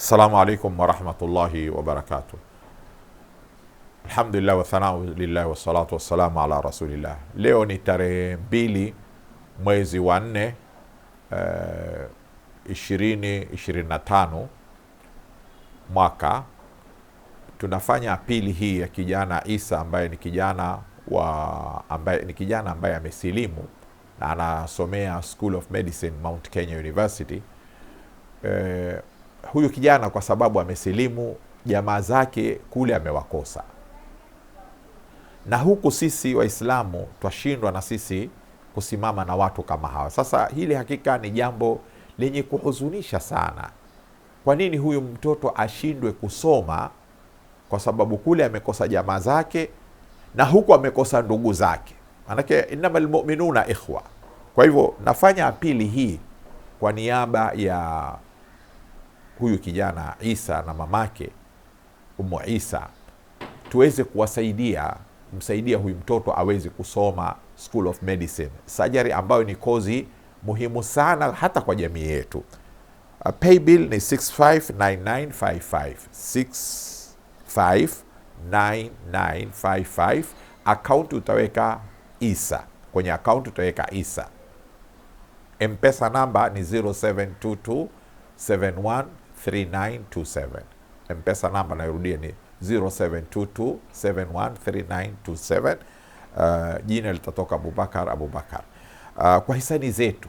Assalamu alaikum warahmatullahi wabarakatuh. Alhamdulillah wathanau lillahi wassalatu wassalamu ala rasulillah. Leo ni tarehe mbili mwezi wa nne eh, ishirini ishirini na tano mwaka tunafanya pili hii ya kijana Isa ambaye ni kijana wa ambaye ni kijana ambaye amesilimu na anasomea School of Medicine Mount Kenya University. Eh, huyu kijana kwa sababu amesilimu, jamaa zake kule amewakosa, na huku sisi Waislamu twashindwa na sisi kusimama na watu kama hawa. Sasa hili hakika ni jambo lenye kuhuzunisha sana. Kwa nini huyu mtoto ashindwe kusoma kwa sababu kule amekosa jamaa zake na huku amekosa ndugu zake? Manake inama lmuminuna ikhwa. Kwa hivyo nafanya apili hii kwa niaba ya huyu kijana Isa na mamake Umu Isa tuweze kuwasaidia msaidia huyu mtoto aweze kusoma School of Medicine sajari ambayo ni kozi muhimu sana hata kwa jamii yetu. Uh, paybill ni 659955 659955. Akaunti utaweka Isa, kwenye akaunti utaweka Isa. Mpesa namba ni 072271 0722713927. Mpesa namba nayorudia ni 0722713927. Uh, jina litatoka Abubakar Abubakar. Uh, kwa hisani zetu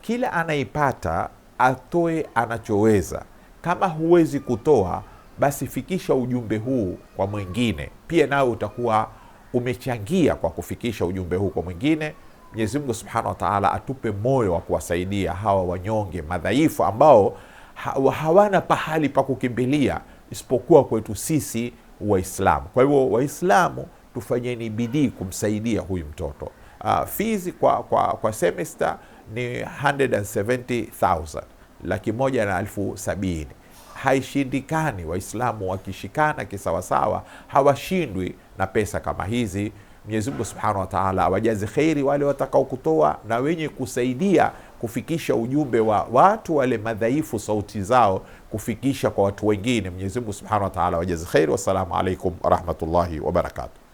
kila anaipata atoe anachoweza. Kama huwezi kutoa, basi fikisha ujumbe huu kwa mwingine, pia nawe utakuwa umechangia kwa kufikisha ujumbe huu kwa mwingine. Mwenyezi Mungu Subhanahu wa Ta'ala atupe moyo wa kuwasaidia hawa wanyonge madhaifu ambao ha, hawana pahali pa kukimbilia isipokuwa kwetu sisi Waislamu. Kwa hivyo Waislamu tufanyeni bidii kumsaidia huyu mtoto. Uh, fees kwa, kwa, kwa semester ni 170,000 laki moja na elfu sabini. Haishindikani, Waislamu wakishikana kisawasawa hawashindwi na pesa kama hizi. Mwenyezi Mungu Subhanahu wa Ta'ala awajaze kheri wale watakaokutoa na wenye kusaidia kufikisha ujumbe wa watu wale madhaifu, sauti zao kufikisha kwa watu wengine. Mwenyezi Mungu subhanahu wa taala wajazi kheri. Wassalamu alaikum warahmatullahi wabarakatu.